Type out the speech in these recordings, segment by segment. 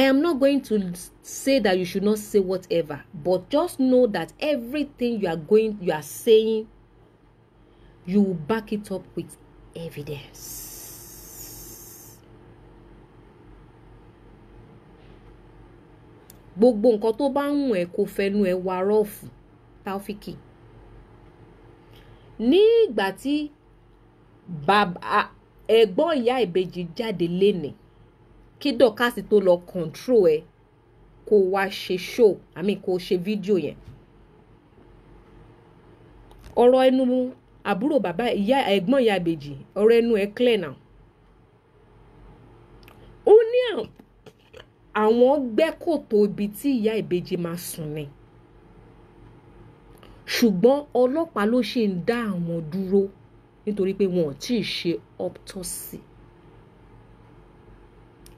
I am not going to say that you should not say whatever, but just know that everything you are going, you are saying, you will back it up with evidence. Gbogbo nǹkan tó bá ń wù ẹ́ kó fẹnu ẹ̀ wá rọ́ọ̀fù Taofiki. Ní ìgbà tí ẹ̀gbọ́n ìyá ìbejì jáde lénìí kí dọ̀kásì tó lọ control ẹ kó wá ṣe show àmì kó ṣe fídíò yẹn ọ̀rọ̀ ẹnu àbúrò bàbá ìyá ẹ̀gbọ́n ìyá àbèjì ọ̀rọ̀ ẹnu ẹ̀ clear now ó ní àwọn gbẹ́ kòtò ibi tí ìyá ìbejì máa sùn ni ṣùgbọ́n ọlọ́pàá ló ṣì ń dá àwọn dúró nítorí pé wọn ò tí ì ṣe autopsy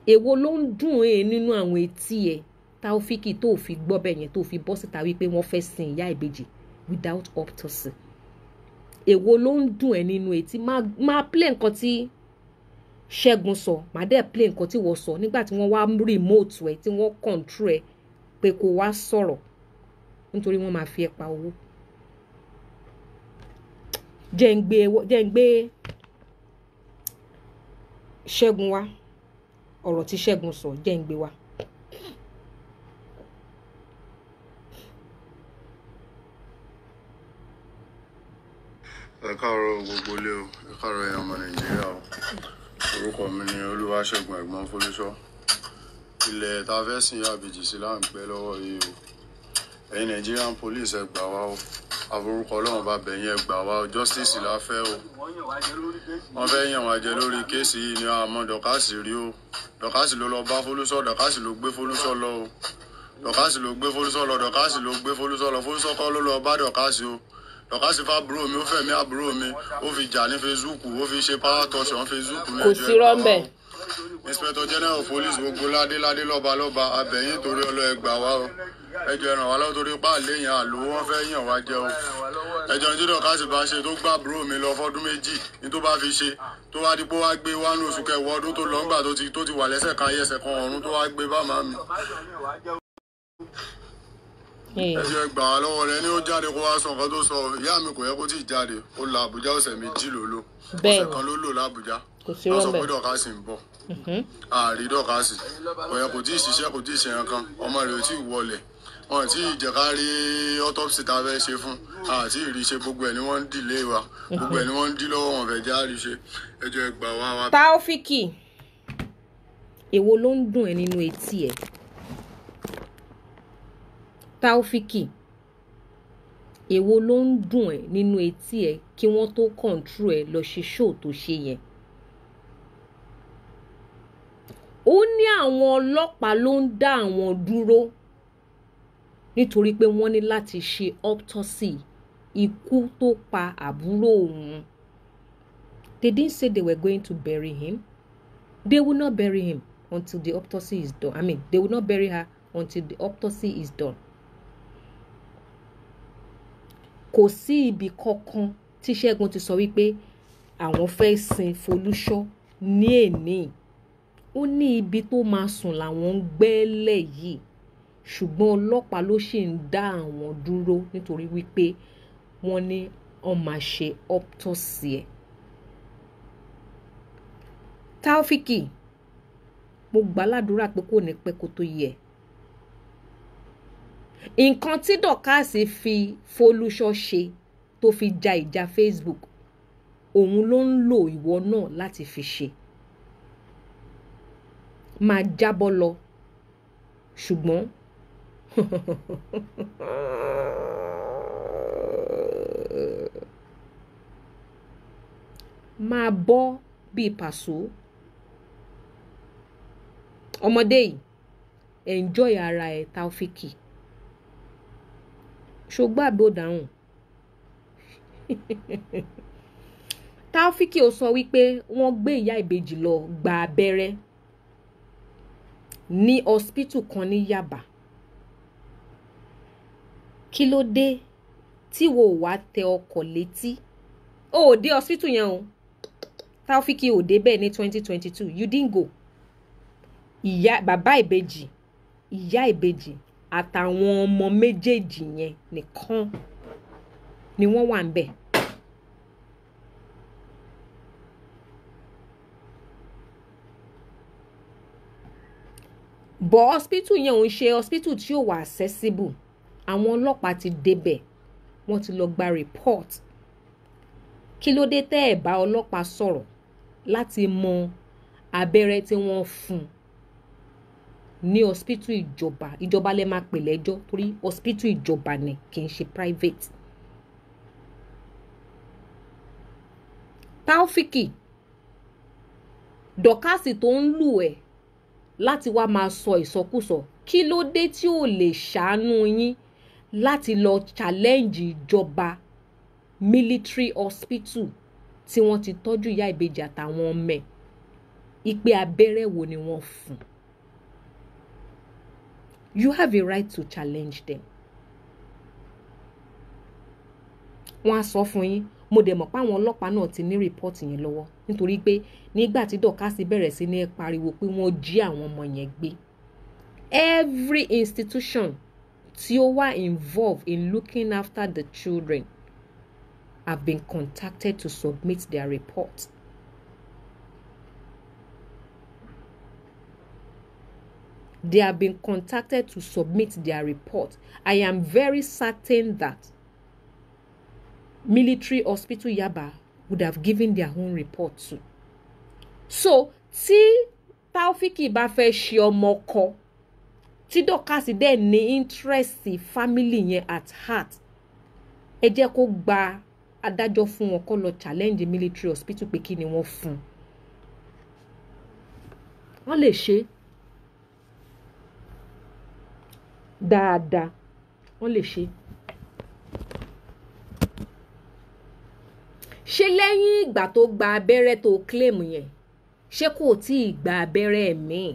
èwo ló ń dùn ẹ́ nínú àwọn etí ẹ̀ taofiki tó fi gbọ́ bẹ́ẹ̀ yẹn tó fi bọ́ síta wípé wọ́n fẹ́ sin ìyá ìbejì without autopsy èwo ló ń dùn ẹ́ nínú etí máa play nǹkan tí ṣẹ́gun sọ máa dẹ́ play nǹkan tí wọ́n sọ nígbà tí wọ́n wá remote ẹ̀ tí wọ́n control ẹ̀ pé kó wá sọ̀rọ̀ nítorí wọ́n máa fi ẹ̀ pa owó jẹ́ ń gbé ṣẹ́gun wá ọ̀rọ̀ tí Ṣẹ́gun sọ jẹ́ ń gbé wa. ẹ káàárọ̀ gbogbo ilé o ẹ káàárọ̀ ẹyàn ọmọ nàìjíríà o orúkọ mi ni olúwaṣẹ́gun ẹ̀gbọ́n fọlúṣọ ilẹ̀ tá a fẹ́ sìn yá àbèjì sí là lọ́wọ́ yìí o ẹ̀yin Nigerian police ẹ gbà wá o àforúkọ Ọlọ́run bá bẹ̀yìn ẹ gbà wá o justice la fẹ́ o wọ́n fẹ́ yàn wá lórí kéèsì yìí ni àmọ́ dọ̀kásì rí o dọ̀kásì ló lọ bá Folúṣọ́ dọ̀kásì ló gbé Folúṣọ́ lọ o dọ̀kásì ló gbé Folúṣọ́ lọ dọ̀kásì ló gbé Folúṣọ́ lọ Folúṣọ́ kọ́ ló lọ bá dọ̀kásì o dọ̀kásì fa àbúrò mi ó fẹ̀mí àbúrò mi ó fi jà ní Facebook ó fi ṣe power torch on Facebook ní ẹjọ́ ìgbà inspector general of police gbogbo ládéládé lọ́balọ́ba abẹ̀yìn torí ọlọ́ ẹgbàá wa o ẹjọ ẹ ràn wá lọ́wọ́ torí páàlẹ́ yẹn àlò wọn fẹ́ yàn wá jẹ o ẹjọ ní títọ́ káàsì bá ṣe tó gbà bro mi lọ fọdún méjì ní tó bá fi ṣe tó wá dípò wá gbé wá ní oṣù kẹwàá ọdún tó lọ ńgbà tó ti tó ti wà lẹ́sẹ̀ kan ayẹsẹ̀ kan ọ̀run tó wá gbé bá màá mi ẹsẹ gbà á lọ́wọ́ rẹ ni ó jáde kó wá sọ nǹkan tó sọ ìyá mi kò yẹ kó tí ì jáde ó la Àbújá ọ̀sẹ̀ méjì ló lò ọ̀sẹ̀ kan ló lò l'Àbújá wọ́n sọ pé dọ̀kásì ń bọ̀ mm-hmm. àárí dọ̀kásì kò yẹ kó tí ì ṣiṣẹ́ kó tí ì ṣe nǹkan ọmọ rẹ̀ ò tí ì wọlé wọn àti ìjẹkárí autopsy tá a fẹ́ ṣe fún àti ìríṣe gbogbo ẹ̀ ni wọ́n ń dìlé wa gbogbo ẹ̀ ni wọ́n ń dí lọ́wọ́ wọn fẹ́ já àríṣe ẹjọ́ ẹgbà wa Taofiki èwo ló ń dùn ẹ́ nínú etí ẹ̀ Taofiki èwo ló ń dùn ẹ́ nínú etí ẹ̀ kí wọ́n tó kọńtrú ẹ̀ lọ ṣe ṣóò tó ṣe yẹn ó ní àwọn ọlọ́pàá ló ń dá àwọn dúró nítorí pé wọ́n ní láti ṣe autopsy ikú tó pa àbúrò òun. They didn't say they were going to bury him. They will not bury him until the autopsy is done. I mean, they will not bury her until the autopsy is done. Kò sí ibi kankan tí Ṣẹ́gun ti sọ wípé àwọn fẹ́ sin Folúṣọ́ ní èní. Ó ní ibi tó máa sùn làwọn ń gbẹ́lẹ̀ yìí ṣùgbọ́n ọlọ́pàá ló ṣì ń dá àwọn dúró nítorí wípé wọ́n ní wọ́n máa ṣe autopsy ẹ̀. Taofiki mo gbà ládùúrà pé kò ní pẹ́ kó tó yẹ. nǹkan tí dọ̀kásì fi folúṣọ ṣe tó fi ja ìjà Facebook òun ló ń lo ìwọ náà láti fi ṣe máa jábọ́ lọ ṣùgbọ́n máa bọ́ bíi pàṣọ ọmọdé yìí enjoy ara ẹ̀ Taofiki ṣùgbọ́n àbí ó dáhùn Taofiki ò sọ wípé wọ́n gbé ìyá ìbejì lọ gba abẹ́rẹ́ ní hospital kan ní Yaba kí ló dé tí wo ò wá tẹ ọkọ̀ létí o ò dé hospital yẹn o Taofiki ò dé bẹ́ẹ̀ ní twenty twenty two you didn't go ìyá bàbá ìbejì ìyá ìbejì àtàwọn ọmọ méjèèjì yẹn nìkan ni wọ́n wà ń bẹ̀. bọ̀ hospital yẹn ò ń ṣe hospital tí ò wà accessible àwọn ọlọ́pàá ti débẹ̀ wọ́n ti lọ gba report kí ló dé tẹ́ ẹ̀ bá ọlọ́pàá sọ̀rọ̀ láti mọ abẹ́rẹ́ tí wọ́n fún ní hospital ìjọba ìjọba lè máa pè lẹ́jọ́ torí hospital ìjọba ni kì í ṣe private. Taofiki dọ̀kásì tó ń lù ẹ̀ láti wá máa sọ ìsọkúsọ kí ló dé tí ò lè ṣàánú yín láti lọ challenge ìjọba military hospital tí wọ́n ti tọ́jú ìyá ìbejì àtàwọn ọmọ ẹ̀ ìpè abẹ́rẹ́ wo ni wọ́n fún you have a right to challenge them wọ́n á sọ fún yín mo dẹ̀ mọ̀ páwọn ọlọ́pàá náà ti ní rìpọ́ọ̀tì yẹn lọ́wọ́ nítorí pé nígbà tí dọ̀kásì bẹ̀rẹ̀ sí ní pariwo pé wọ́n jí àwọn ọmọ yẹn gbé every institution tí ó wà involved in looking after the children have been contacted to submit their report. They have been contacted to submit their report. I am very certain that military hospital Yaba would have given their own report too. So, see, Taofiki bá fẹ́ ṣe ọmọ kan tí Dorcas dẹ̀ ní interest family yẹn at heart ẹ jẹ́ kó gba adájọ́ fún wọn kó lọ challenge military hospital pé kí ni wọ́n fún un wọ́n lè ṣe dáadáa wọ́n lè ṣe. ṣé lẹ́yìn ìgbà tó gba abẹ́rẹ́ tó claim yẹn ṣé kò tí ì gba abẹ́rẹ́ míì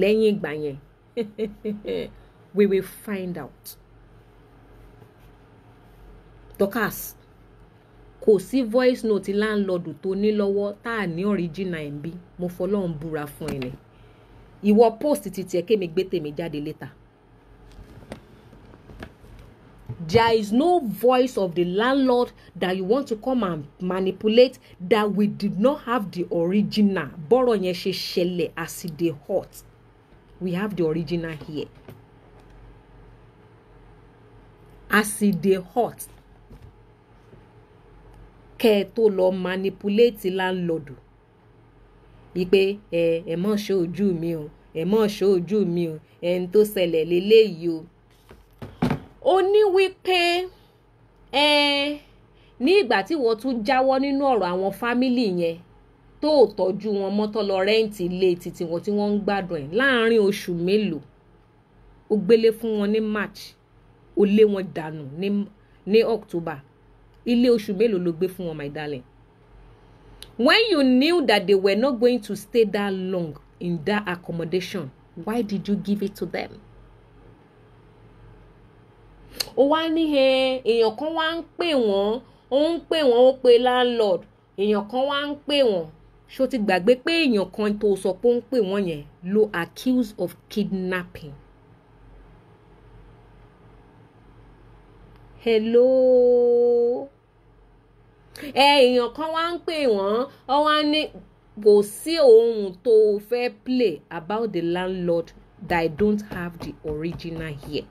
lẹ́yìn ìgbà yẹn we will find out. Dorcas kò sí voice note láńlọ́ọ̀dù tó ní lọ́wọ́ tá a ní ọ̀ríjìnà ẹ̀ ń bí mo fọlọ́run búra fún ẹ ni ìwọ post ti tiẹ̀ kémi gbé tèmi jáde létà. There is no voice of the landlord that you want to come and manipulate that we did not have the original. Bọ́rọ̀ yẹn ṣe ṣẹlẹ̀ as e dey hot we have the original here as e dey hot kẹ́ ẹ tó lọ manipulate landlord wípé ẹ ẹ mọ̀ ṣe ojú mi o ẹ mọ̀ ṣe ojú mi o ẹni tó ṣẹlẹ̀ lélẹ́yìí o. ó ní wípé ẹ ní ìgbà tí wọ́n tún jáwọ́ nínú ọ̀rọ̀ àwọn fámìlì yẹn tó ò tọ́jú wọn mọ́tọ́ lọ rẹ́ǹtì ilé títí wọn tí wọ́n ń gbádùn ẹ̀ láàárín oṣù mélòó ó gbélé fún wọn ní March ó lé wọn dànù ní ní October ilé oṣù mélòó ló gbé fún wọn my darling when you knew that they were not going to stay that long in that accommodation why did you give it to them ó wá ní èèyàn kan wá ń pè wọ́n ó ń pè wọ́n ó pe landlord èèyàn kan wá ń pè wọ́n ṣó ti gbàgbé pé èèyàn kan tó sọ pé ó ń pè wọ́n yẹn lo accuse of kidnapping. hello ẹ èèyàn kan wá ń pè wọ́n ọ wá ní kò sí ohun tó fẹ́ play about the landlord that I don't have the original here.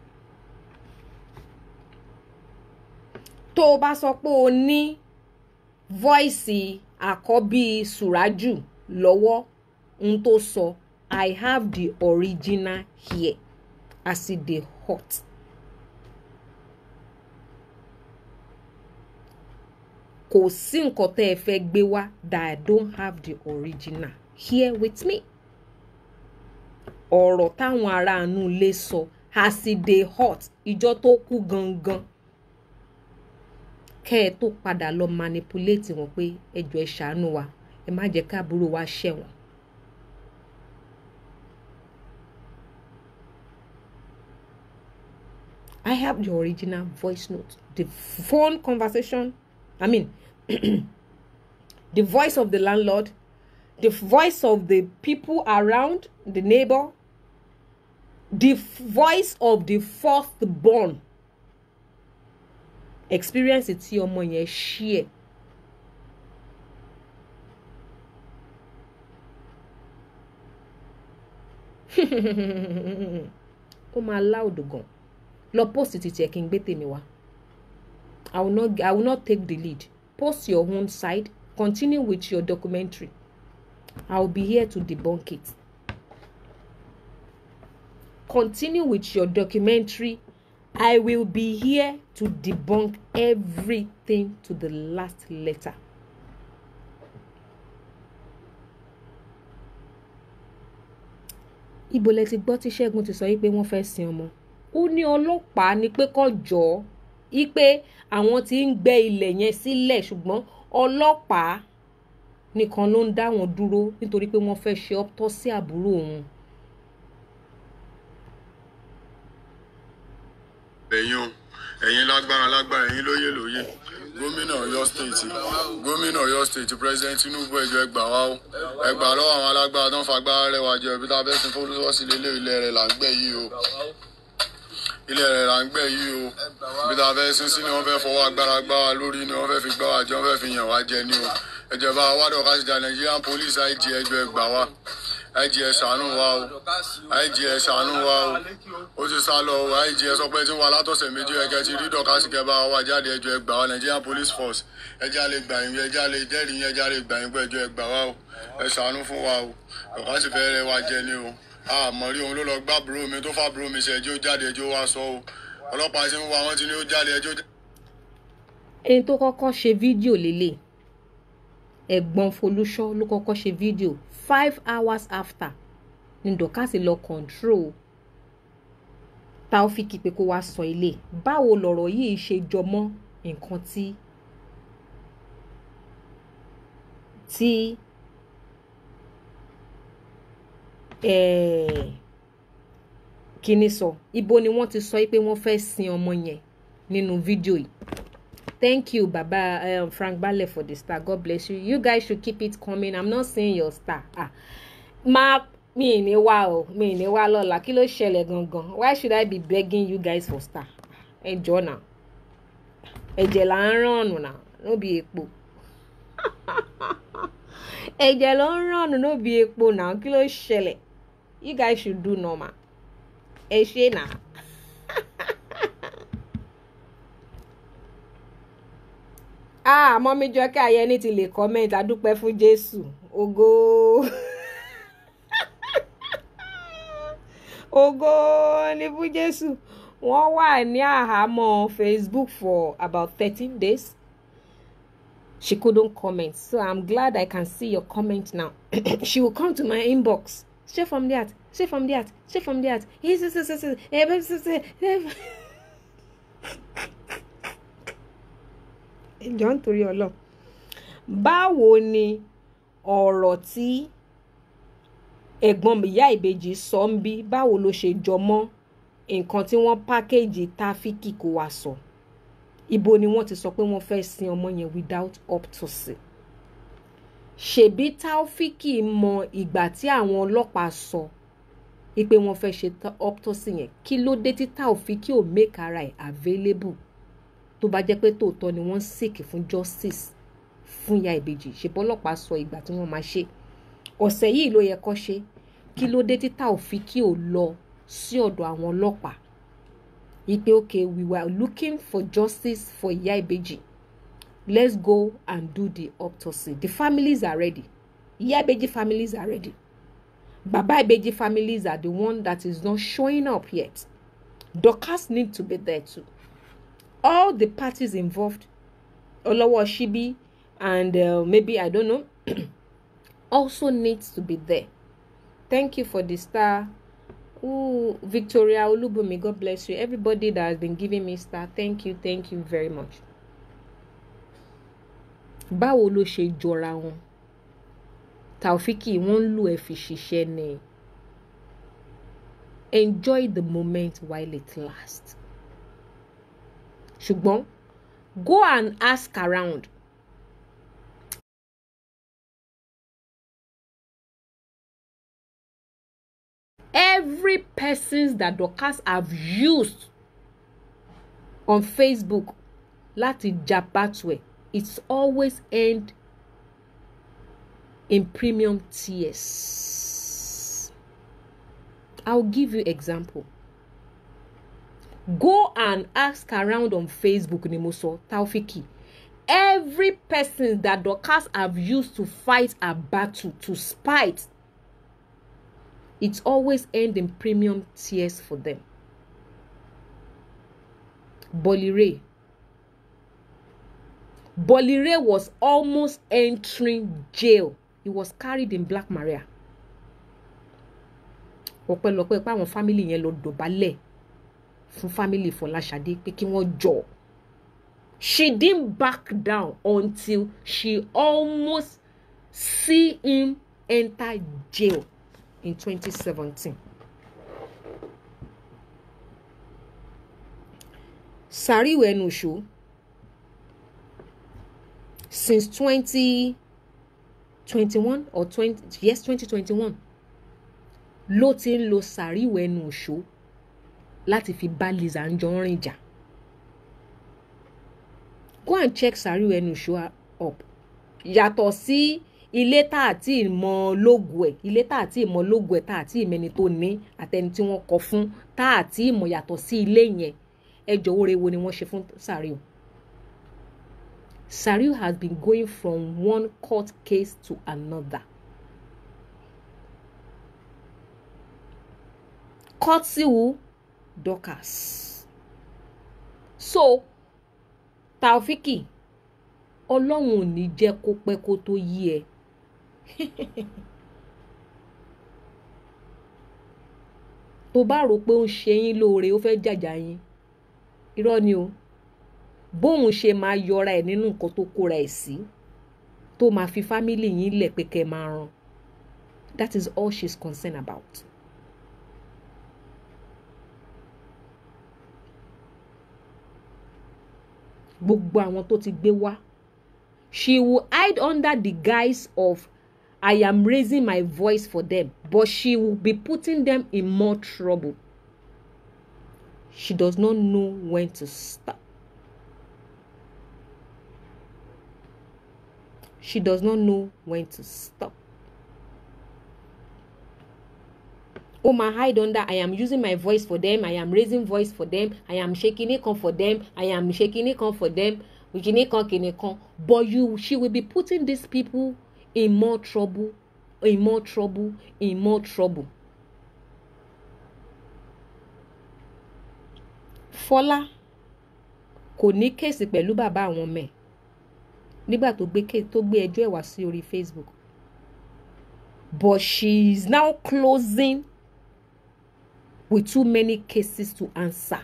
tó o bá sọ pé o ní voice àkọ́bí suraju lọ́wọ́ n tó sọ i have the original here as e dey hot. kò sí nǹkan tẹ́ ẹ fẹ́ gbé wá that i don't have the original here with me. ọ̀rọ̀ táwọn aráàánú lè sọ as e dey hot ìjọ tó kú gangan kẹ́ ẹ tó padà lọ manipulate wọn pé ẹ ẹ ṣàánú wa ẹ má jẹ́ káàbúrò wa ṣẹ̀wọ̀n. I have the original voice note, the phone conversation. I mean, the voice of the landlord, the voice of the people around, the neighbor, the voice of the fourth born experience tí ọmọ yẹn share ó máa láòdù gan lọ post títí ẹ kí n gbé tèmi wá I will not I will not take the lead post your own side continue with your documentary I will be here to debunk it continue with your documentary I will be here to debunk everything to the last letter. Ibo lẹ ti gbọ́ tí Ṣẹ́gun ti sọ wípé wọ́n fẹ́ sin ọmọ. Ó ní ọlọ́pàá ní pé kó jọ wípé àwọn tí ń gbẹ́ ilẹ̀ yẹn sílẹ̀ ṣùgbọ́n ọlọ́pàá nìkan ló ń dá wọn dúró nítorí pé wọ́n fẹ́ ṣe ọ́pítọ́sí àbúrò òun. ẹ̀yin ẹ̀yin lágbára lágbára ẹ̀yin lóye lóye gómìnà Ọ̀yọ́ state gómìnà Ọ̀yọ́ state president Tinubu ẹjọ ẹgbà wa o ẹgbà lọ́wọ́ àwọn alágbára tó ń fa agbára rẹwà ẹbí tá a fẹsẹ fọlọsọsí lélẹ ilẹ̀ rẹ̀ là ń gbẹ yìí o ilẹ̀ rẹ̀ là ń gbẹ̀ yìí o ibi tá a fẹ́ sí ni wọ́n fẹ́ fọwọ́ agbára gbá lórí ni wọ́n fẹ́ fi gbá jẹ wọ́n fẹ́ fi yàn wá jẹ ni o ẹ̀jẹ̀ wa wádọ̀ ká Nigerian police IG ẹgbẹ́ gbà wá. IGS ṣàánú wa o IGS ṣàánú wa o ó ti sá lọ o IGS sọ tí wà látọ̀sẹ̀ méjì ẹ̀kẹ́ ti rí dọ̀kásì kẹba wa jáde ẹjọ́ ẹgbà wa Nigerian Police Force ẹjá lè gbà yín ẹjá lè dẹ́rìí yín ẹjá lè gbà yín pé ẹjọ́ ẹgbà wa o ẹ fún wa o dọ̀kásì fẹ́ rẹ wa jẹ ni o àmọ́ rí òun ló lọ gbá bùrọ̀ mi tó fà bùrọ̀ mi ṣẹ̀jẹ̀ ó jáde ẹjọ́ wa sọ o ọlọ́pàá ṣe ń wa wọ́n ti ní ó jáde ẹjọ́ jáde ẹni ló kọ́kọ́ ṣe fídíò five hours after ni dọ̀kásì lọ control taofiki pé kó wá sọ ilé báwo lọ̀rọ̀ yìí ṣe jọmọ́ nǹkan tí tí eh, kíní sọ ibo ni wọ́n ti sọ pé wọ́n fẹ́ sin ọmọ yẹn nínú fídíò yìí thank you baba um, frank bale for the star god bless you you guys should keep it coming i'm not seeing your star ah máa mi ì ní wá o mi ì ní wá lọ́la kí ló ṣẹlẹ̀ gangan why should i be begging you guys for star ẹ jọ náà ẹ̀jẹ̀ là ń rànù náà níbi epo ẹ̀jẹ̀ ló ń rànù níbi epo náà kí ló you guys should do normal ẹ ṣe na. ah mọ́mí jọkẹ́ ayẹni ti lè comment adúpẹ́ fún jésù ògo ògo ni fún jésù wọ́n wà ní àhámọ́ facebook for about thirteen days she couldn't comment so i'm glad i can see your comment now she will come to my inbox straight from that straight from that straight from that jọ ń torí ọlọ báwo ni ọ̀rọ̀ tí ẹ̀gbọ́n ìyá ìbejì sọ ń bí báwo ló ṣe jọ mọ́ nǹkan tí wọ́n pákéjì táfíkì kó wa sọ ibo ni wọ́n ti sọ pé wọ́n fẹ́ sin ọmọ yẹn without autopsy ṣebí táófíkì mọ ìgbà tí àwọn ọlọ́pàá sọ pé wọ́n fẹ́ ṣe autopsy yẹn kí ló dé tí táófíkì ò make ara available tó bá jẹ́ pé tòótọ́ ni wọ́n ń fún justice fún ìyá ìbejì ṣèpọ̀ ọlọ́pàá sọ ìgbà tí wọ́n máa ṣe ọ̀sẹ̀ yìí ló yẹ kó ṣe kí ló dé títà òfin kí ò lọ sí ọ̀dọ̀ àwọn ọlọ́pàá wípé okay we were looking for justice for ìyá ìbejì let's go and do the autopsy the families are ready ìyá ìbejì families are ready bàbá ìbejì families are the one that is not showing up yet Dorcas need to be there too all the parties involved Olowo Shibi and uh, maybe I don't know also needs to be there thank you for the star Ooh, Victoria Olubumi God bless you everybody that has been giving me star thank you thank you very much báwo ló ṣe jọra wọn Taofiki wọn lù ẹ fi ṣiṣẹ́ ni enjoy the moment while it lasts ṣùgbọ́n go and ask around every persons that Dorcas have used on Facebook láti jabatu ẹ it's always end in premium tears I'll give you example go and ask around on facebook ni mo sọ taofiki every person that dorcas have used to fight her battle to spite it always end in premium tears for them bolire bolire was almost entering jail he was carried in black maria ọpẹ́lọpẹ́ pé àwọn family yẹn lọ dọ̀bálẹ̀ fún family Fọláṣadé pé kí wọ́n jọ she didn't back down until she almost see him enter jail in 2017. Sariu Ẹnuṣo since 2021 or 20 yes 2021 ló ti ń lo Sariu Ẹnuṣo láti fi bá Liz Anjorin jà go and check Sàríù show up yàtọ̀ sí ilé tá a ti mọ lógo ẹ̀ ilé tá a ti mọ lógo ẹ̀ tá a ti mẹni tó ní àtẹni tí wọ́n kọ fún tá a ti mọ yàtọ̀ sí ilé yẹn ẹ jọ̀wọ́ ni wọ́n ṣe fún Sàríù Sàríù has been going from one court case to another. Court sí Dorcas so Taofiki ọlọ́run ò ní jẹ́ kó pẹ́ kó tó yí ẹ tó bá rò pé ó ń ṣe yín lóore ó fẹ́ẹ́ jàjà yín irọ́ ni o bóun ṣe máa yọra ẹ̀ nínú nǹkan tó kóra ẹ̀ sí tó máa fi fámìlì yín lẹ̀ pé kẹ́ ẹ máa ràn that is all she is concerned about. gbogbo àwọn tó ti gbé wá she will hide under the guise of I am raising my voice for them but she will be putting them in more trouble she does not know when to stop she does not know when to stop ó oh, máa hide under i am using my voice for them i am raising voice for them i am shaking it, come for them i am shaking it, come for them kinní kan kinní kan but you she will be putting these people in more trouble in more trouble in more trouble. Fọlá kò ní kéèsì pẹ̀lú bàbá àwọn ọmọ ẹ̀ nígbà tó gbé tó gbé ẹjọ́ ẹ̀ wá sí orí Facebook but she is now closing with too many cases to answer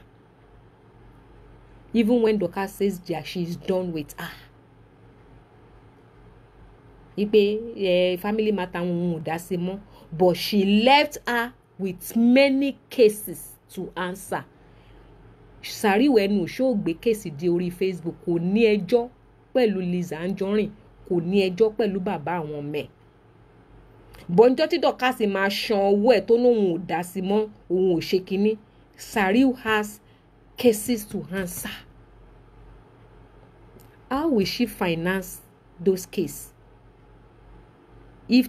even when Doka says that she is done with her ipe eh, family matter ń dá sí but she left her with many cases to answer sàríwò ẹnu ṣóògbé kéèsì di orí Facebook kò ní ẹjọ́ pẹ̀lú Lizzy Anjorin kò ní ẹjọ́ pẹ̀lú bàbá àwọn ọmọ bọ́njọ́ tí dọ́kàsì máa ṣan owó ẹ̀ tó lóun ò dá sí mọ́ òun ò ṣe kínní Sariu has cases to answer how will she finance those cases if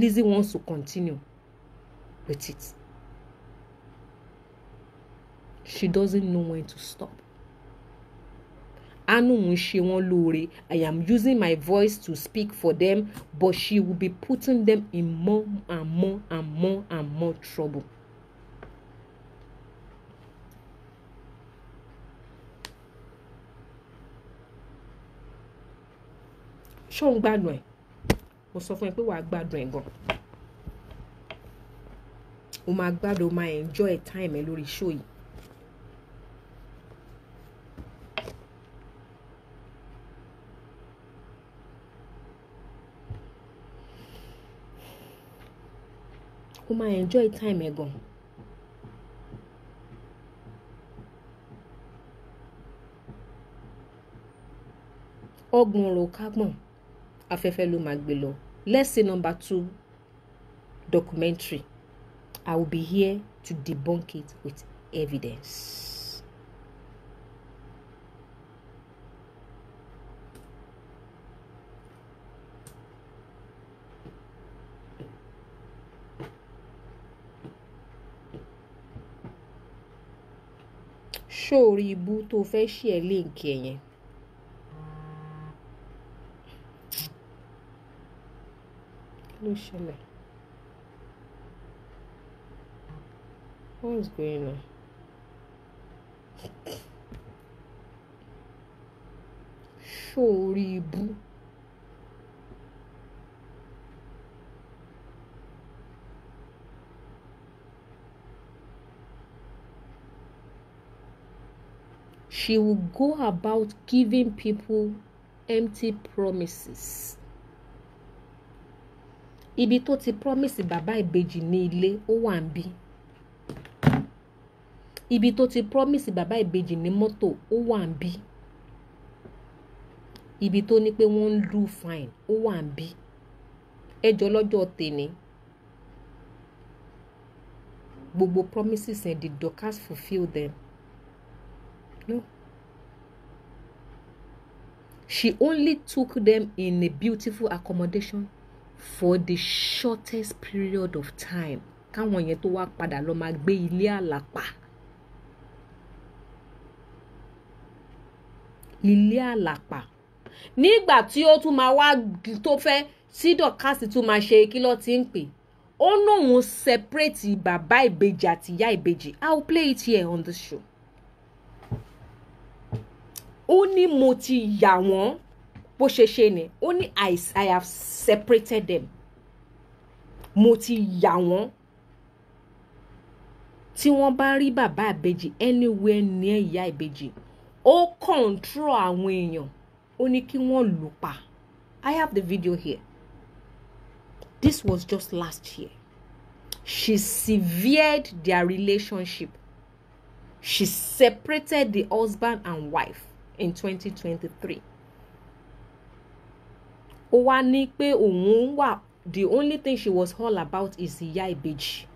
Lizzie wants to continue with it she doesn't know when to stop. Anum ń ṣe wọ́n lóore. I am using my voice to speak for them, but she will be putting them in more and more and more and more trouble. ṣó ń gbádùn ẹ̀ mo sọ fún ẹ pé wàá gbádùn ẹ̀ gan o máa gbádùn o máa enjoy time ẹ lórí show yìí kó máa enjoy time ẹ̀ gan. ọgbọ̀n ọ̀rọ̀ kágbọ̀n afẹ́fẹ́ ló máa gbé lọ lesson number two documentary I will be here to debunk it with evidence. ṣó orí ibú tó fẹ́ ṣì ẹ́ léǹkì ẹ̀ yẹn. kí ló ṣẹlẹ̀? what's going on? ṣó orí ibú. she will go about giving people empty promises ibi tó ti promise bàbá ìbejì ní ilé ó wà ń bí ibi tó ti promise bàbá ìbejì ní mọ́tò ó wà ń bí ibi tó ní pé wọ́n ń lù fine ó wà ń bí ẹjọ́ lọ́jọ́ tèmi gbogbo promises and did Dorcas fulfil them no She only took them in a beautiful accommodation for the shortest period of time. Káwọn yẹn tó wá padà lọ máa gbé ilé àlàpà. Ilé àlàpà. Nígbà tí ó tún máa wá tó fẹ́ tí dọ̀kásì tún máa ṣe kí ló ti ń pè. Ó náà wọn separate bàbá ìbejì àti ìyá ìbejì. I will play it here on the show ó ní mo ti yà wọ́n bó ṣe ṣe ni ó ní I, have separated them mo ti yà wọ́n tí wọ́n bá rí bàbá ìbejì anywhere near ìyá ìbejì ó control àwọn èèyàn ó ní kí wọ́n lù pa I have the video here this was just last year she severed their relationship she separated the husband and wife in 2023 ó wá ní pé òun the only thing she was all about is ìyá ìbejì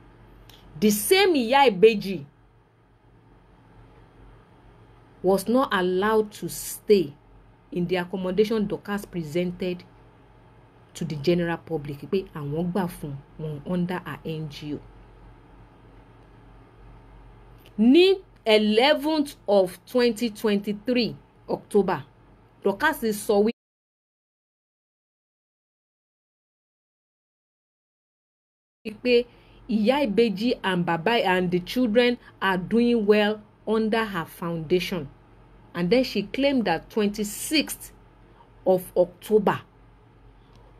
the same ìyá ìbejì was not allowed to stay in the accommodation Dorcas presented to the general public pé àwọn gbà fún wọn under her NGO. ní eleventh of 2023. October Dorcas sọ wí. pé ìyá ìbejì and baba and the children are doing well under her foundation and then she claimed that twenty-sixth of October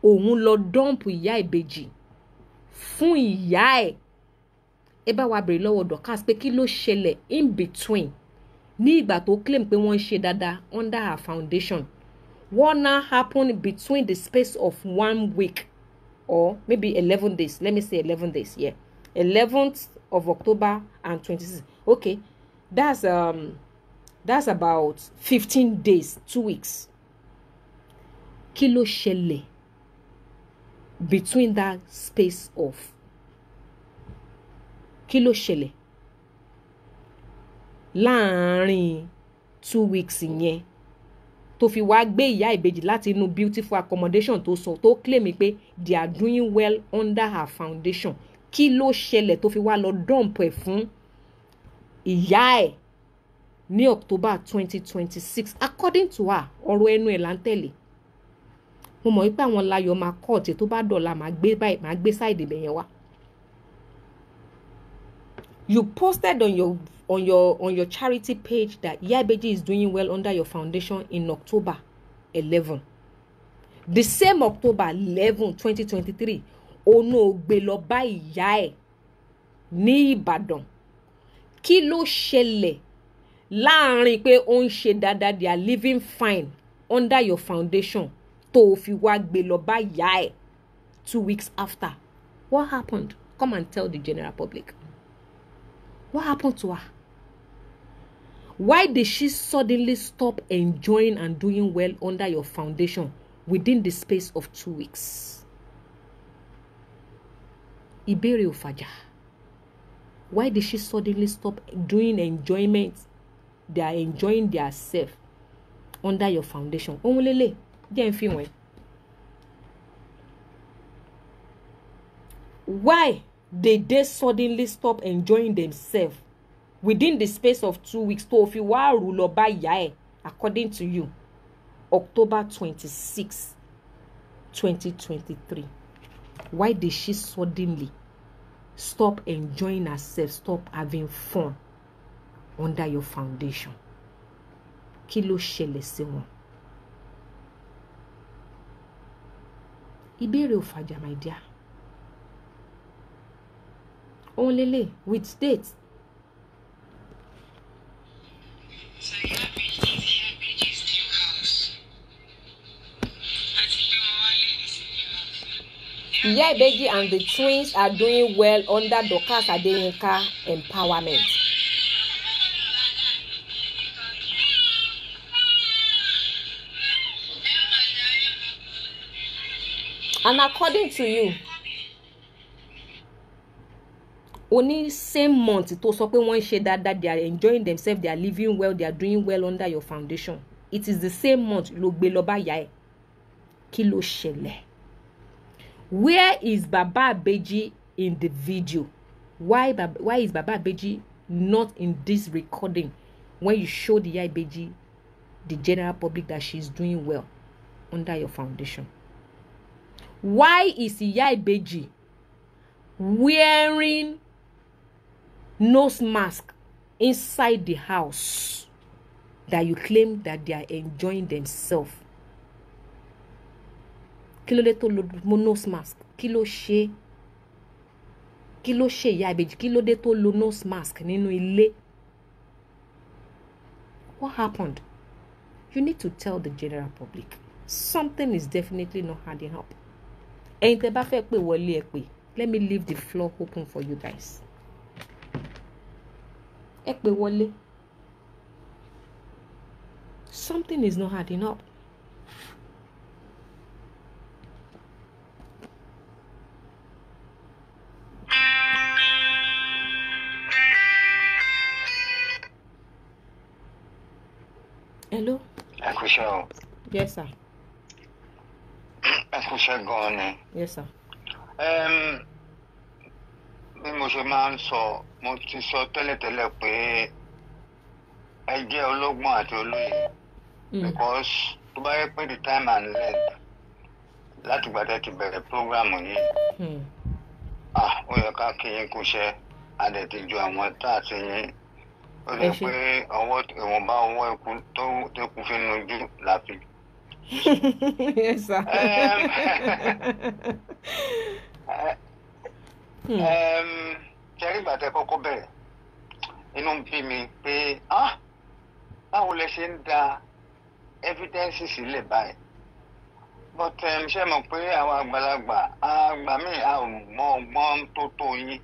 òun lọ dọ́ǹpù ìyá ìbejì fún ìyá ẹ̀ ẹ bá wa bèrè lọ́wọ́ Dorcas pé kí ló ṣẹlẹ̀ in between ní ìgbà tó claim pé wọ́n ń ṣe dáadáa under her foundation what now happened between the space of one week or maybe eleven days let me say eleven days yeah eleventh of October and twenty-six okay that's um, that's about fifteen days two weeks kí ló between that space of kí ló láàárín two weeks yẹn tó fi wá gbé ìyá ìbejì láti inú beautiful accommodation tó sọ tó claim pé they are doing well under her foundation kí ló ṣẹlẹ̀ tó fi wá lọ dump ẹ̀ fún ìyá ẹ̀ ní October twenty twenty six according to her ọ̀rọ̀ ẹnu ẹ̀ là ń tẹ̀lé mo mọ̀ wípé àwọn layọ̀ máa kọ́ọ̀tì tó bá dọ̀la máa gbé báyìí ibẹ̀ yẹn wá. You posted on your on your on your charity page that Yabeji is doing well under your foundation in October 11 the same October 11 2023 ono gbé lọ bá ìyá ẹ̀ ní Ìbàdàn kí ló ṣẹlẹ̀ láàrin pé ó they are living fine under your foundation tó o fi wá gbé lọ bá ìyá ẹ̀ two weeks after what happened come and tell the general public what happened to her why did she suddenly stop enjoying and doing well under your foundation within the space of two weeks ìbéèrè ò why did she suddenly stop doing enjoyment they are enjoying their self under your foundation ohun lélẹ̀ jẹ́ n fi wọ́n why did they suddenly stop enjoying themselves within the space of two weeks tó o fi wá rù lọ bá ìyá ẹ̀ according to you October twenty six twenty twenty three why did she suddenly stop enjoying herself stop having fun under your foundation kí ló ṣẹlẹ̀ sí wọn. ìbéèrè ò fàjà my dear òun lélẹ̀ with date Ìyá Ìbejì and the twins are doing well under Dorcas Adeyinka empowerment. And according to you, o same month tó sọ pé wọ́n ń ṣe dáadáa they are enjoying themselves they are living well they are doing well under your foundation it is the same month ló gbé lọ bá yá ẹ̀ kí ló ṣẹlẹ̀ where is baba abeji in the video why baba why is baba abeji not in this recording when you show the iya ibeji the general public that she is doing well under your foundation why is iya ibeji wearing nose mask inside the house that you claim that they are enjoying themselves kí ló dé tó lo nose mask kí ló ṣe kí ló ṣe ìyá ìbejì kí ló dé tó lo nose mask nínú ilé what happened you need to tell the general public something is definitely not adding up ẹ̀yin tẹ́ bá fẹ́ pè wọlé ẹ pè let me leave the floor open for you guys. something is not adding up. Hello. Ẹ Yes sir. Yes sir. Um, bí mo ṣe máa ń sọ mo ti sọ tẹ́lẹ̀tẹ́lẹ̀ pé ẹ jẹ́ ológun àti olóyè hmm. because tó bá yẹ pé the time and length láti gbàdá ti bẹ̀rẹ̀ program yìí ah ó yẹ ká kí yín kú iṣẹ́ àdẹ̀tí ju àwọn tá a ti yín ó lè pé ọwọ́ ìwọ̀nba ọwọ́ ikú tó kú fi nujú láfi. yes sir. jẹ́rìí ìgbà tẹ́ kọ́kọ́ bẹ̀rẹ̀ inú ń bí mi pé báwo lẹ ṣe ń da evidence sílẹ̀ báyìí but ṣe mọ̀ pé àwọn àgbàlagbà àgbà míì a ò mọ ọgbọ́n tó tó yín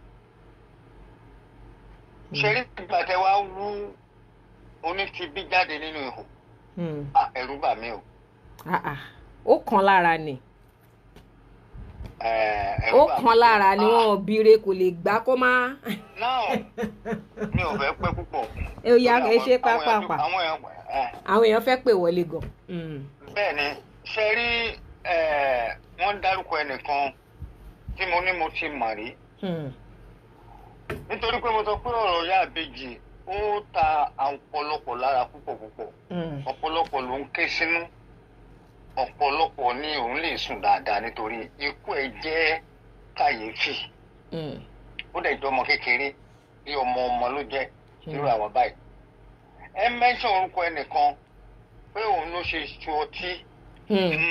ṣeré ìgbà tẹ́ wá wú oníṣibí jáde nínú ihò ẹ̀rù bà mí o. ó kàn lára ni. Eh, eh, ó kan lára ni wọn ò bire kò lè gbá kó má. náà mi ò fẹ́ pẹ́ púpọ̀. oya ẹ ṣe pápápá eh. àwọn èèyàn fẹ́ pè wọlé gan. Hmm. bẹ́ẹ̀ni ṣe rí wọn dárúkọ ẹnìkan tí mo ní mo ti mọ̀ rí hmm. nítorí pé mo sọ pé ọ̀rọ̀ Ìyá Ìbejì ó ta ọ̀pọ̀lọpọ̀ lára púpọ̀ púpọ̀ hmm. ọ̀pọ̀lọpọ̀ ló ń ké sínú. Mm ọ̀pọ̀lọpọ̀ ní òun lè sùn dáadáa nítorí ikú ẹ̀ jẹ́ kàyéfì hmm. ó dẹ̀ jọ ọmọ kékeré bí ọmọ ọmọ ló jẹ́ hmm. irú àwọn báyìí ẹ mẹ́sàn orúkọ ẹnìkan pé òun ló ṣe ṣu ọtí hmm. fún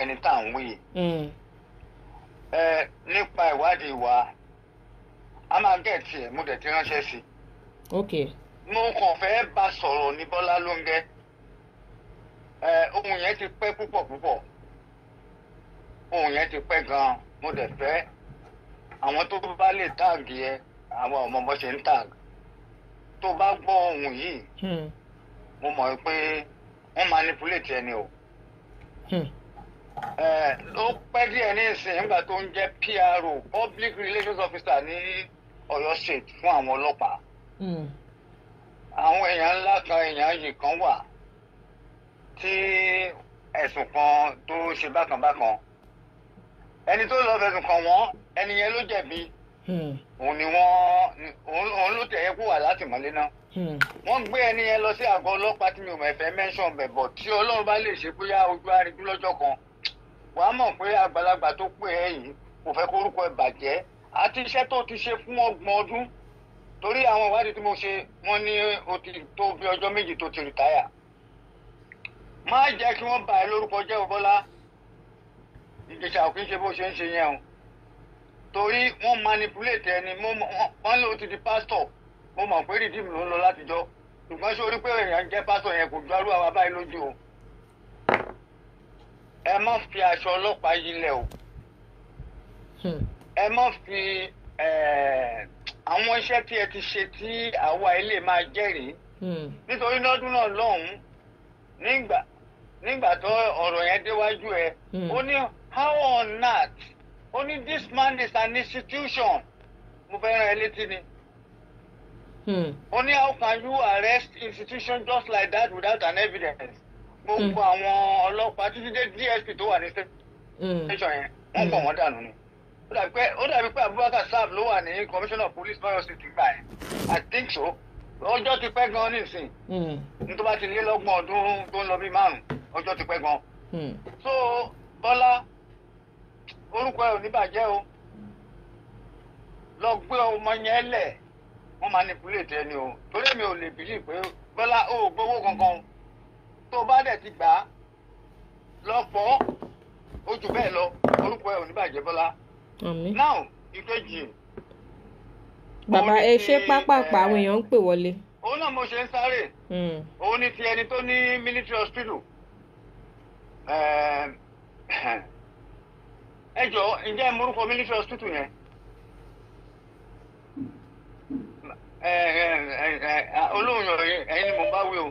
ẹni tá à ń wí ẹ nípa ìwádìí wa a máa gẹ̀ẹ́tì ẹ̀ mo dẹ̀ ti ránṣẹ́ sí i mo kàn fẹ́ bá sọ̀rọ̀ ní Bọ́lá Lóńgẹ́ ohun yẹn ti pẹ́ púpọ̀ púpọ̀ ohun yẹn ti pẹ́ gan-an mo dẹ̀ fẹ́ àwọn tó bá lè táàgì yẹ àwọn ọmọ bó ṣe ń táàgì tó bá gbọ́ ohun yìí hmm. mo mọ̀ pé wọ́n manipulate ẹni o ló hmm. pẹ́ díẹ̀ ní ìsìn nígbà tó ń jẹ́ PRO public relations officer ní Ọ̀yọ́ state fún àwọn ọlọ́pàá hmm. àwọn èèyàn ńlá kan èèyàn yìí kan wà. Hmm tí ẹ̀sùn kan tó ṣe bákan bákan ẹni tó lọ fẹ̀sùn kàn wọ́n ẹni yẹn ló jẹ̀bi hmm. òun ni wọ́n òun ló tẹ̀yẹ kó wà látìmọ́lé náà hmm. wọ́n gbé ẹni yẹn lọ sí àgọ́ ọlọ́pàá tí mi ò mẹ̀fẹ́ mẹ́ńsàn bẹ̀bọ̀ tí ọlọ́run bá lè ṣe bóyá ojú arígbú lọ́jọ́ kan wà á mọ̀ pé àgbàlagbà tó pè é yìí kò fẹ́ kórúkọ ẹ̀ bàjẹ́ àti iṣẹ́ tó ti ṣe fún ọgbọ̀n ọdún torí àwọn ìwádìí tí mo ṣe wọ́n ní o ti tó bí ọjọ́ méjì tó ti rìtáyà má jẹ́ kí wọ́n bà ẹ́ lórúkọ jẹ́ Bọ́lá Ìjẹ̀ṣà kì í ṣe bó ṣe ń ṣe yẹn o torí wọ́n manipulate ẹni wọ́n lò ó ti di pásítọ̀ mo mọ̀ pé rìdíìm ló ń lọ látijọ́ ṣùgbọ́n sórí pé èèyàn jẹ́ pásítọ̀ yẹn kò ju arúgbó àwa báyìí lójú o ẹ má fi aṣọ ọlọ́pàá yílẹ̀ o hmm. ẹ má fi àwọn iṣẹ́ tí ẹ ti ṣe tí àwa ilé máa jẹ́rìí hmm. nítorí lọ́dún náà lọ́hùn-ún nígbà nígbà tó ọ̀rọ̀ yẹn déwájú ẹ hmm. ó ní how on that ó ní this man is an institution mo fẹ́ rán ẹ létí ni. Hmm. ó ní how can you arrest institution just like that without an evidence. gbogbo hmm. àwọn ọlọ́pàá títí dé DSP tó wà ní station yẹn wọ́n pọ̀ wọ́n dànù ni. ó dàbí pé Abubakar Sab ló wà ní commissioner of police Bayos City gbà yẹn I think so ọjọ́ ti pẹ́ gan-an nísìnyí nítorí bá ti lé lọ́gbọ̀n ọdún tó ń lọ bí márùn-ún ọjọ́ ti pẹ́ gan. Hmm. so bọ́lá orúkọ ẹ ò ní bàjẹ́ o lọ gbé ọmọ yẹn lẹ̀ wọ́n manipulate ẹni o torí mi ò lè believe pé bọ́lá o ò gbowó kankan tó o bá dẹ̀ ti gbà á lọ́pọ̀ ó jù bẹ́ẹ̀ lọ orúkọ ẹ ò ní bàjẹ́ bọ́lá. now ìkejì. bàbá ẹ ṣe pápápá àwọn eh, èèyàn ń pè wọlé. òun náà mo ṣe ń sáré. Hmm. òun ni ti ẹni tó ní military hospital ẹ ehm, jọ ǹjẹ́ morúkọ military hospital yẹn ehm, ehm, ah, olóhùn yọ̀ọ̀yẹ ẹ̀yin ni mò ń bá wí o.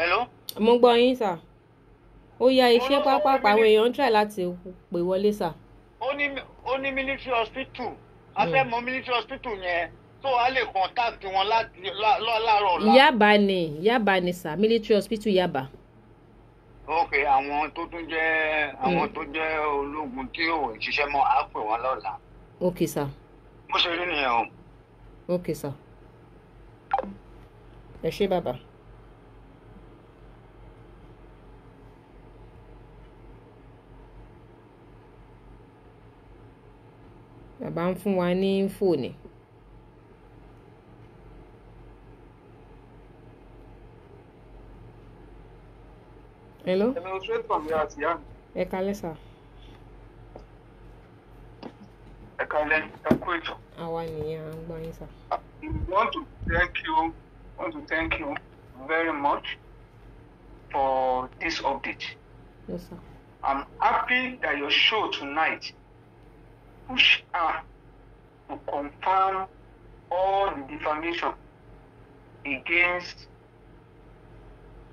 hello. mo gbọ́ yín sà ó ya iṣẹ́ pápápá àwọn èèyàn ń try láti pè wọlé sà. ó ní military hospital a fẹ́ hmm. mọ military hospital yẹn tó a lè contact wọn láàárọ̀ ọ̀la. yaba ni yaba ni sir military hospital yaba. ok àwọn tó tún jẹ́ àwọn mm. tó jẹ́ ológun tí ò ṣiṣẹ́ mọ́ á pè wọ́n lọ́la. ok sir. bó ṣe rí nìyẹn o. ok sir. ẹ ṣé bàbá. bàbá ń fún wa ní fóònù. hello. hello straight from yàrá tìyá mi. ẹ kalẹ́ sà. ẹ kalẹ́ I want to thank you want to thank you very much for this update. Yes, sir. I'm happy that your show tonight push her to confirm all the information against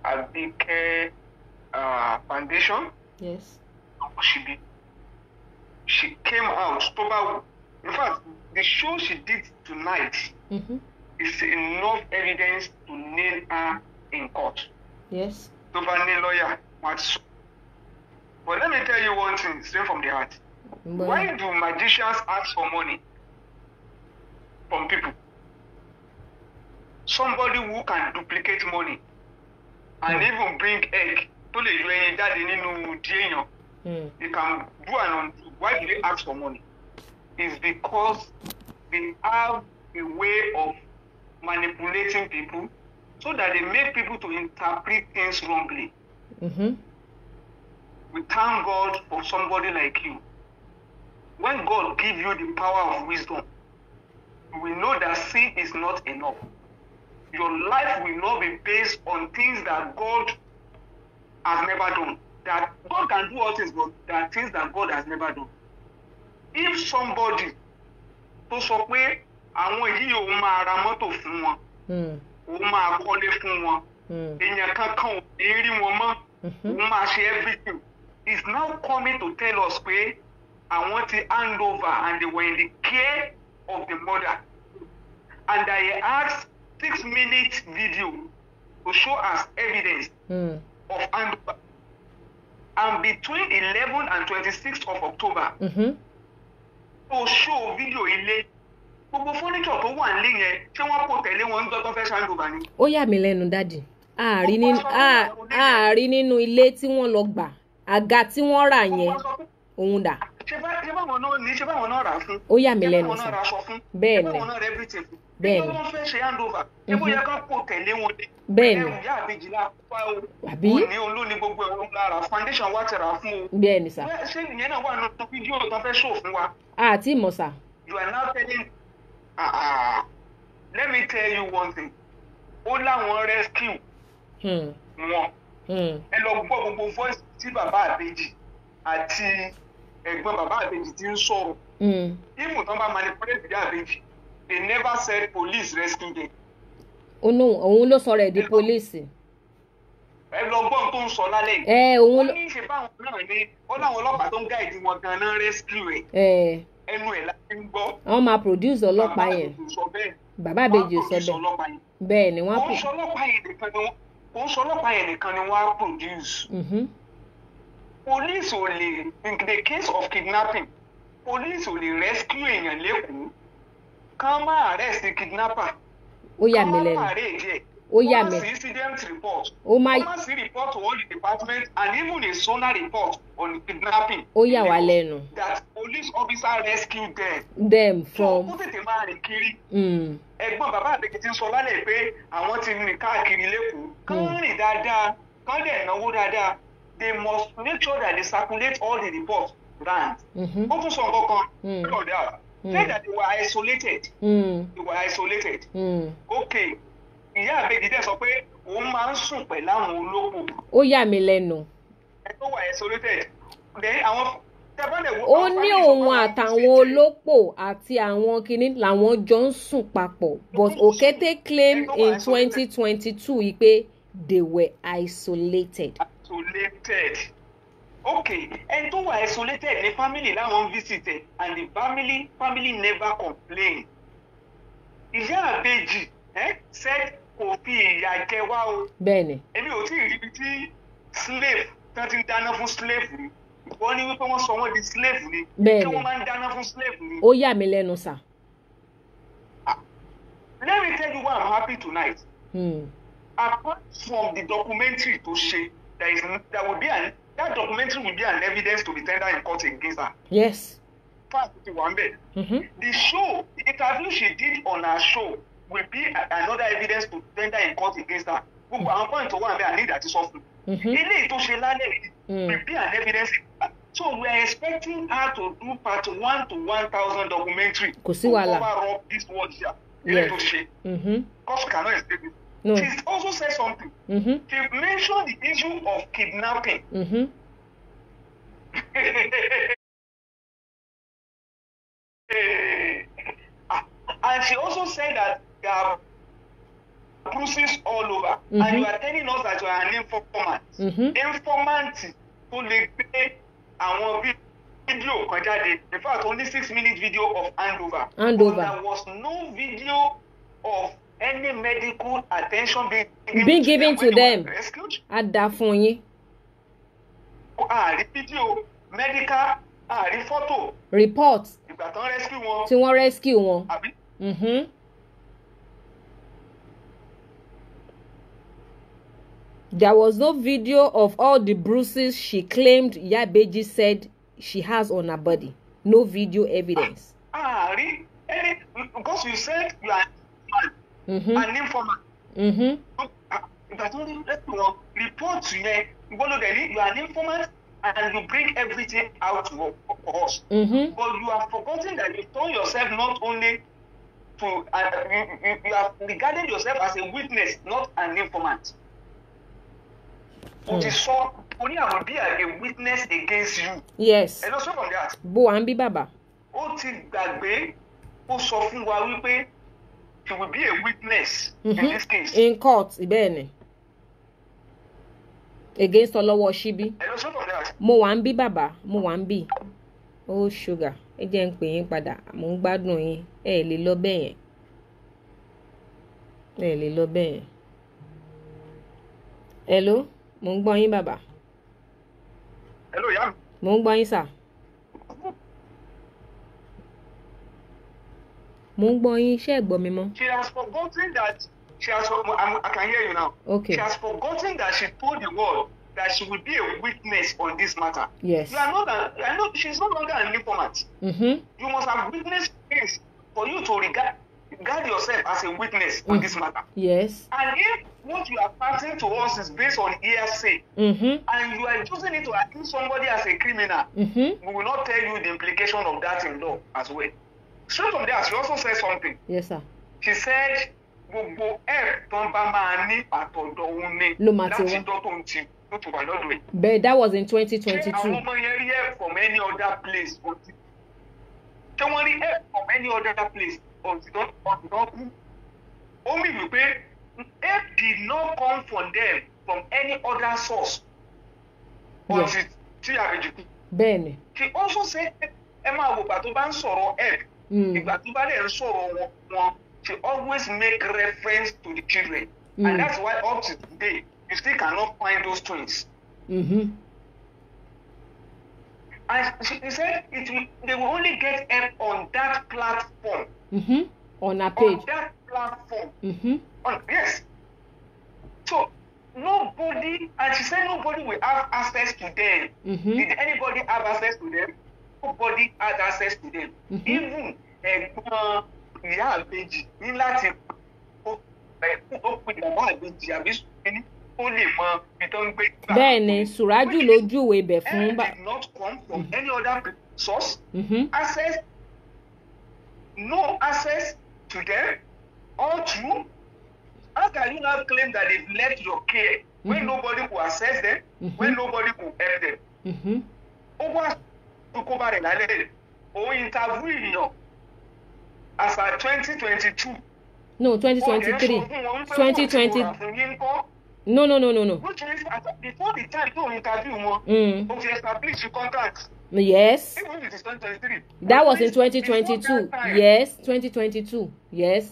Abike uh, foundation. Yes. She be she came out tó in fact the show she did tonight mm-hmm. is enough evidence to nail her in court. Yes. tó bá ní lawyer wọn ti but let me tell you one thing straight from the heart. But, why do magicians ask for money from people? somebody who can duplicate money and hmm. even bring egg tó lè yọ ẹyẹ jáde nínú di èèyàn hmm. can do and undo why do they ask for money is because they have a way of manipulating people so that they make people to interpret things wrongly. Mm-hmm. We thank God for somebody like you. When God gives you the power of wisdom, we know that sin is not enough. Your life will not be based on things that God has never done. That God can do all things, but there are things that God has never done. If somebody tó sọ pé àwọn yìí òun máa ra mọ́tò fún wọn, hmm. òun máa kọ́lé fún wọn, hmm. èèyàn kankan ò ní rí wọn mọ́, hmm. òun máa ṣe everything. He's now coming to tell us pé àwọn ti hand over and they were in the care of the mother. And I asked six minute video to show as evidence. Mm of Andover and between 11 and 26 of October. Mm-hmm. ó ṣó fídíò ilé gbogbo fọ́nìtọ̀ tó wà nílé yẹn ṣé wọ́n kò tẹ̀lé wọn níjọ́ tó fẹ́ ṣàǹdùbà ni. ó yà mí lẹ́nu dádì ààrí nínú ilé tí wọ́n lọ gbà àga tí wọ́n rà yẹn òun dà. ṣé báwọn náà ní ṣé báwọn náà rà fún. ó yà mí lẹ́nu sọ bẹ́ẹ̀ ni. ṣé báwọn náà rà everything fún bẹ́ẹ̀ni bí wọ́n fẹ́ ṣe handover ṣé bó yẹ mhm. ká kó tẹ̀lé wọn dé bẹ́ẹ̀ni ẹ̀rù yá àbejì la pa o àbí òní olóni gbogbo ẹ̀rọ lára foundation wa tẹ̀ra fún o bẹ́ẹ̀ni sà ṣé ìyẹn náà wà nínú fídíò tó fẹ́ ṣò fún wa. àti mọ̀ sà. you are now telling ah, ah ah let me tell you one thing ó láwọn rescue hmm. wọn hmm. ẹ lọ gbọ́ gbogbo voice tí bàbá àbejì àti ẹ̀gbọ́n bàbá àbejì ti ń sọ̀rọ̀ hmm. ìmù tán bá manipulate bí àbejì they never said police rescue them. òun oh, òun ló sọ rẹ̀ di police. ẹ lọ gbọ́n tó ń sọ lálẹ́ yìí. ẹ eh, òun ló. ó ní ṣe báwọn náà ní ó láwọn ọlọ́pàá tó ń gáìdì wọn ganan rescue ẹ̀. Eh. ẹnu ẹ̀ la ti ń gbọ́. àwọn máa produce ọlọ́pàá yẹn bàbá àbèjì sọ bẹ́ẹ̀ bẹ́ẹ̀ ni wọ́n á òun sọ ọlọ́pàá yẹn nìkan ni wọ́n á produce. Mm-hmm. police ò lè in the case of kidnapping police ò lè rescue èèyàn lẹ́kọ̀ọ́ kán má arrest kidnapper ó yà mí lẹ́nu eh, ó yà mí ó má sí incident report ó má sí report all the department and even a sonar report on kidnapping ó yà wá lẹ́nu that police officer rescued them them from ó tètè máa rìn kiri hmm. ẹ̀gbọ́n bàbá àbẹ̀kì ti ń sọ lálẹ́ pé àwọn ti rìn káàkiri lẹ́kọ̀ọ́ kán hmm. rìn dáadáa kán dẹ̀ náwó dáadáa they must make sure that they circulate all the reports round mm-hmm. ó tún sọ nǹkan kan hmm. lọ́dọ̀ Mm. Said that they were isolated. Mm. They were isolated. Mm. Okay, ìyá àbejì dẹ̀ sọ pé òun máa ń sùn pẹ̀lú àwọn olóko. Ó yà mí lẹ́nu. Ẹ wà isolated. Then àwọn ó ní òun àtàwọn olópò àti àwọn kinní làwọn jọ ń sùn papọ̀ but Okete claim in twenty twenty two yìí pé they were isolated. isolated okay ẹni tó wà isolated ní family láwọn visit and the family family never complain ìyá àbejì ẹ said kò fi ìyà jẹ wá o. bẹ́ẹ̀ni. èmi ò tí ì ríbi tí slave tán ti ń dáná fún slave ni wọ́n ní wípé wọ́n sọ wọ́n di slave ni. bẹ́ẹ̀ni kí wọ́n máa ń dáná fún slave ni. ó yà mí lẹ́nu sà. Ah, let me tell you why i'm happy tonight. Hmm. apart from the documentary tó ṣe there is there will be an that documentary will be an evidence to be tendered in court against her. yes. fact ti wà mm-hmm. the show the interview she did on her show will be another evidence to tender in court against her. gbogbo àwọn point tó wà ń bẹ̀ àní ìdàtí sọ fún. eléyìí tó ṣe lálẹ́ mm. will be an evidence. so we are expecting her to do part one to one thousand documentary. kò sí wàhálà to cover up this world here. eléyìí tó ṣe. Mm-hmm. cause we cannot escape it. No. She also said something. Mm-hmm. She mentioned the issue of kidnapping. Mm-hmm. Ah, and she also said that there are bruises all over. Mm-hmm. And you are telling us that you are an informant. Mm-hmm. Informant tó lè gbé àwọn bíi fídíò kan in fact only six minute video of handover. handover. there was no video of any medical attention be given, be given to them a dá fún yín. àárí fídíò medical àárí fọ́tò. report ìgbà tán rescue wọn. tí wọ́n rescue wọn. àbí. Mm-hmm. There was no video of all the bruises she claimed Yabeji said she has on her body. No video evidence. Ah, ah Because you said you are Mm-hmm. and informant. Mm-hmm. ìgbà tó rí lẹ́tọ̀ Report to me. gbọ́dọ̀ dẹ̀ ní you are an informant and you bring everything out to us. Mm-hmm. but you are forgetting that you turn yourself not only to uh, you, you, you have regarded yourself as a witness not an informant. o ti hmm. sọ o ní àwọn a witness against you. yes And also from that. Bo, a Baba. bí bàbá. ó ti gbàgbé ó sọ fún wa wípé she will be a witness mm -hmm. in mhm. this case. in court bẹ́ẹ̀ against Olowo Shibi. mo wà ń bí bàbá mo wà ń bí ó ṣúgà ẹ jẹ́ ń pè yín padà mò ń gbádùn yín ẹ lè lọ bẹ́ẹ̀ yẹn ẹ lè lọ bẹ́ẹ̀ yẹn hello mo ń gbọ́ yín bàbá hello ìyá mi mò ń gbọ́ yín sà. Mo ń gbọ́ yín, iṣẹ́ ẹ̀gbọ́n mi mọ́. She has forgotten that she has I'm, I can hear you now. Okay. She has forgotten that she told the world that she will be a witness on this matter. Yes. You are not an, I know she is no longer an informant. Mm-hmm. You must have witnessed things for you to regard regard yourself as a witness mm. on this mm. matter. Yes. And if what you are passing to us is based on hearsay, mm-hmm. and you are using it to accuse somebody as a criminal, mm-hmm. we will not tell you the implication of that in law as well. Straight from there, she also said something. Yes, sir. She said, gbogbo help tó ń bá máa ní àtọ̀dọ̀ òun ni láti dọ́ tó ń ti tó ti wà lọ́dọ̀ yìí. Bẹ́ẹ̀ that was in twenty twenty two. Ṣé àwọn ọmọ yẹn rí help from any other place? Ṣé wọ́n rí help from any other place? or Ọ̀sìdọ́ kú. Ó mì wípé help did not come from them from any other source. Ọ̀sìn tí àbẹ̀jì kú. Bẹ́ẹ̀ni. She also said ẹ máa wò gbà tó bá ń sọ̀rọ̀ help Mm. ìgbà tó bá dẹ̀ ń sọ̀rọ̀ wọn she always make reference to the children mm. and that's why up to today you still cannot find those twins. Mm-hmm. And she, she said it will, they will only get help on that platform. Mm-hmm. On her page. On that platform. Mm-hmm. On, yes. So nobody, and she said nobody will have access to them. Mm-hmm. Did anybody have access to them? nobody had access to them mm-hmm. even ẹ̀gbọ́n ìyá àbejì ní láti ó bàbá àbejì àbí sùnmí ó lè mọ ibi tó ń gbé. bẹ́ẹ̀ ni sùrájù ló júwèé ibẹ̀ fún. and did not come from any other source. Mm-hmm. access no access to them all true how can you now claim that they've left your care mm-hmm. when nobody go access them mm-hmm. when nobody go help them. Mm-hmm. ó kókó bá rẹ̀ lálẹ́ rẹ̀ òun ìtàbú ìyàn as at twenty twenty two. no twenty twenty three twenty twenty no no no no no. which means before the time to interview wọn. Mm. o ti establish contact. yes. even if it's twenty twenty three. that was in twenty twenty two yes twenty twenty two yes.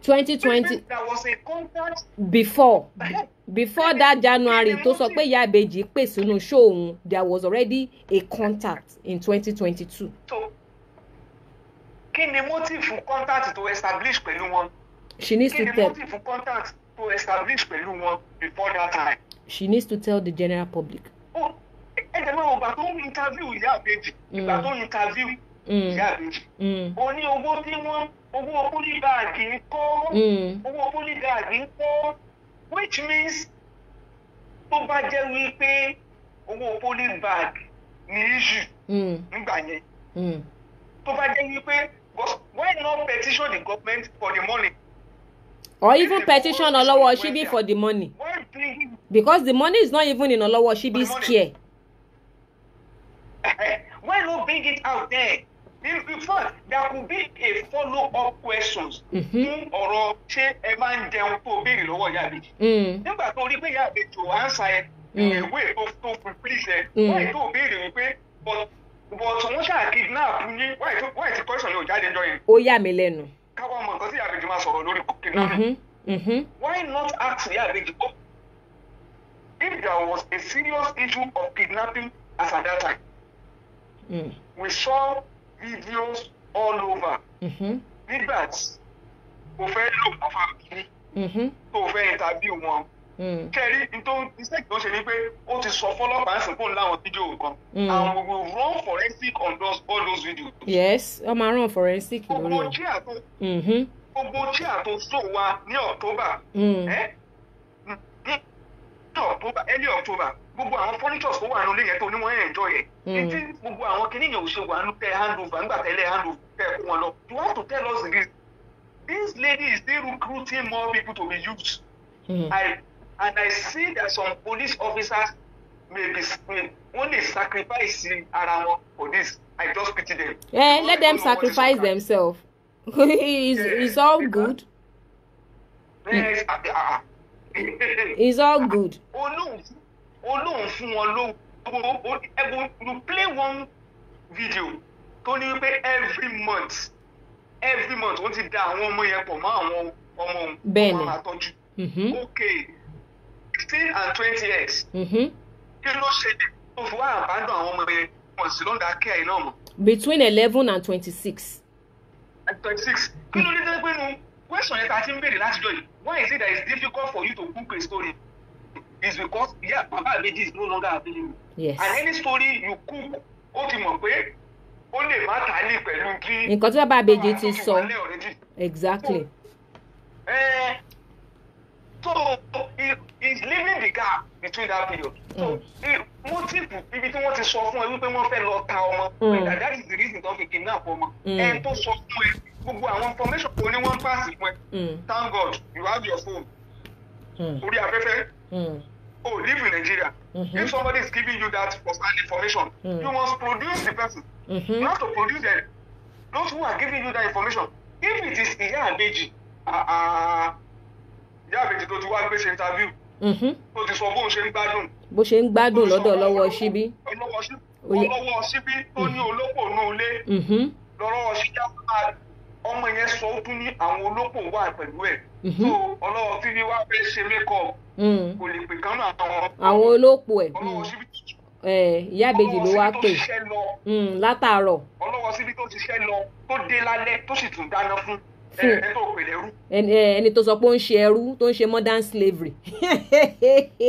2020 there was a contact before before that january tó sọ pé ìyá ìbejì pè sínú show òun there was already a contact in 2022. kí ni motive contact to establish pẹ̀lú wọn. she needs to tell. kí ni motive contact to establish pẹ̀lú wọn before that time. she needs to tell the general public. ó oh, ẹ̀jẹ̀ mọ́ ìgbà ń interview ìyá ìbejì ìgbà mm. ń interview mm. ìyá ìbejì. o mm. ní owó tí wọ́n owó pólíbàgì ń kó owó pólíbàgì ń kó which means tó bá jẹ́ wípé owó polling bag ní issue hmm. nígbà yẹn hmm. tó bá jẹ́ wípé why not petition the government for the money. or even petition Olowo Oshibi for the money because the money is not even in Olowo Oshibi's care. why not bring it out there before there could be a follow up questions. Mm-hmm. fún ọ̀rọ̀ ṣé ẹ máa ń jẹun tó béèrè lọ́wọ́ ìyá àbèjì. Mm. nígbà tó rí pé ìyá àbèjì ò ánsà ẹ mm. ìwé tó tó fi please ẹ mm. wáyé tó béèrè wípé but but wọ́n ṣáà kidnap ní wáyé tí question yóò jáde jọ yẹn. ó yà mí lẹ́nu. káwọn ọmọ nǹkan tí ìyá àbèjì máa sọ̀rọ̀ lórí kidnapping. Mm-hmm. Mm-hmm. why not ask ìyá àbèjì kó if there was a serious issue of kidnapping as at that time. Mm. we saw videos all over. Mm-hmm. nígbà tí o fẹ́ lò wọ́n fa kiri mm-hmm. tó o fẹ́ interview wọn. Mm. kẹ́rí tó iṣẹ́ kí wọ́n ṣe ni pé ó ti sọ fọlọ́pàá sìnkú láwọn fídíò kan mm. and we will run forensic on those, all those videos. yes wọ́n máa run forensic lórí wọn. Mm-hmm. gbogbo chair tó gbogbo chair tó sọ wa ní October. Mm. Eh? ní October early October gbogbo àwọn furnitures tó wà nílé yẹn tó ní wọ́n enjoy ẹ̀ ètí hmm. gbogbo àwọn kìíní yẹn ò ṣe wà ní tẹ handover nígbà tẹ́lẹ̀ handover tẹ kó wọn lọ you want to tell us this this lady is still recruiting more people to be used mm. I, and I see that some police officers may be may only sacrifice ara wọn for this I just pity them. Yeah, let them sacrifice themselves it's, yeah. it's all good. Yes. Eh, mm. Ah, ah, ah. it's all good. Oh no olóhùn fún wọn lówó ẹ̀bùn you play one video tó ní pé every month every month wọ́n ti da àwọn ọmọ yẹn pọ̀ mọ́ àwọn ọmọ wọn àtọ́jú mhm. ok fifteen and twenty years mhm. kí ló ṣe dé tó fi wá àbádọ́ àwọn ọmọ yẹn wọ́n sì lọ́ndà kíá iná mọ̀. between eleven and twenty-six. twenty-six kí ló dé tó pé nu question yẹn ta ti ń béèrè látijọ́ yìí why is it that it's difficult for you to cook a story is because yeah bàbá méjì is no longer available. yes and any story you cook ó ti mọ̀ pé ó lè má tà á lè pẹ̀lú kí. nǹkan tí bàbá ti sọ exactly. So, uh, so he is leaving the gap between that period. so mm. motive ibi tí wọ́n ti sọ fún ẹ wípé wọ́n fẹ́ lọ ta ọmọ mm. that is the reason tó fi kidnap ọmọ mm. ẹn tó sọ fún ẹ gbogbo àwọn information kò ní wọ́n pass fún ẹ thank God you have your phone orí afẹ́fẹ́. Mm. Oh, live in Nigeria. Mm-hmm. If somebody is giving you that information, mm. you must produce the person. Mm-hmm. Not to produce them. Those who are giving you that information, if it is Iya Abeji, Iya Abeji tó ti wá gbé ṣe interview, tó mm-hmm. ti sọ bó ń ṣe ń gbádùn. Bó ṣe ń gbádùn lọ́dọ̀ lọ́wọ́ ṣíbí. Ọlọ́wọ́ ṣíbí tó ní mm-hmm. olóko nù ilé. Mm-hmm. Lọ́wọ́ ṣíbí á máa ọmọ yẹn sọ ó tún ní àwọn olóko wà pẹ̀lú ẹ̀ tó mhm. ọlọ́wọ́ fífi wá fẹ́ ṣe mékọ̀ mm. kò lè pè kánú àwọn àwọn olóko ẹ̀ mm. ìyá ìbejì ló wá pè mm, látàárọ̀ ọlọ́wọ́ síbi tó ṣiṣẹ́ lọ tó dé lálẹ́ tó sì tún dáná fún ẹni tó sọ pé ó ń ṣe ẹrú tó ń ṣe modern slavery.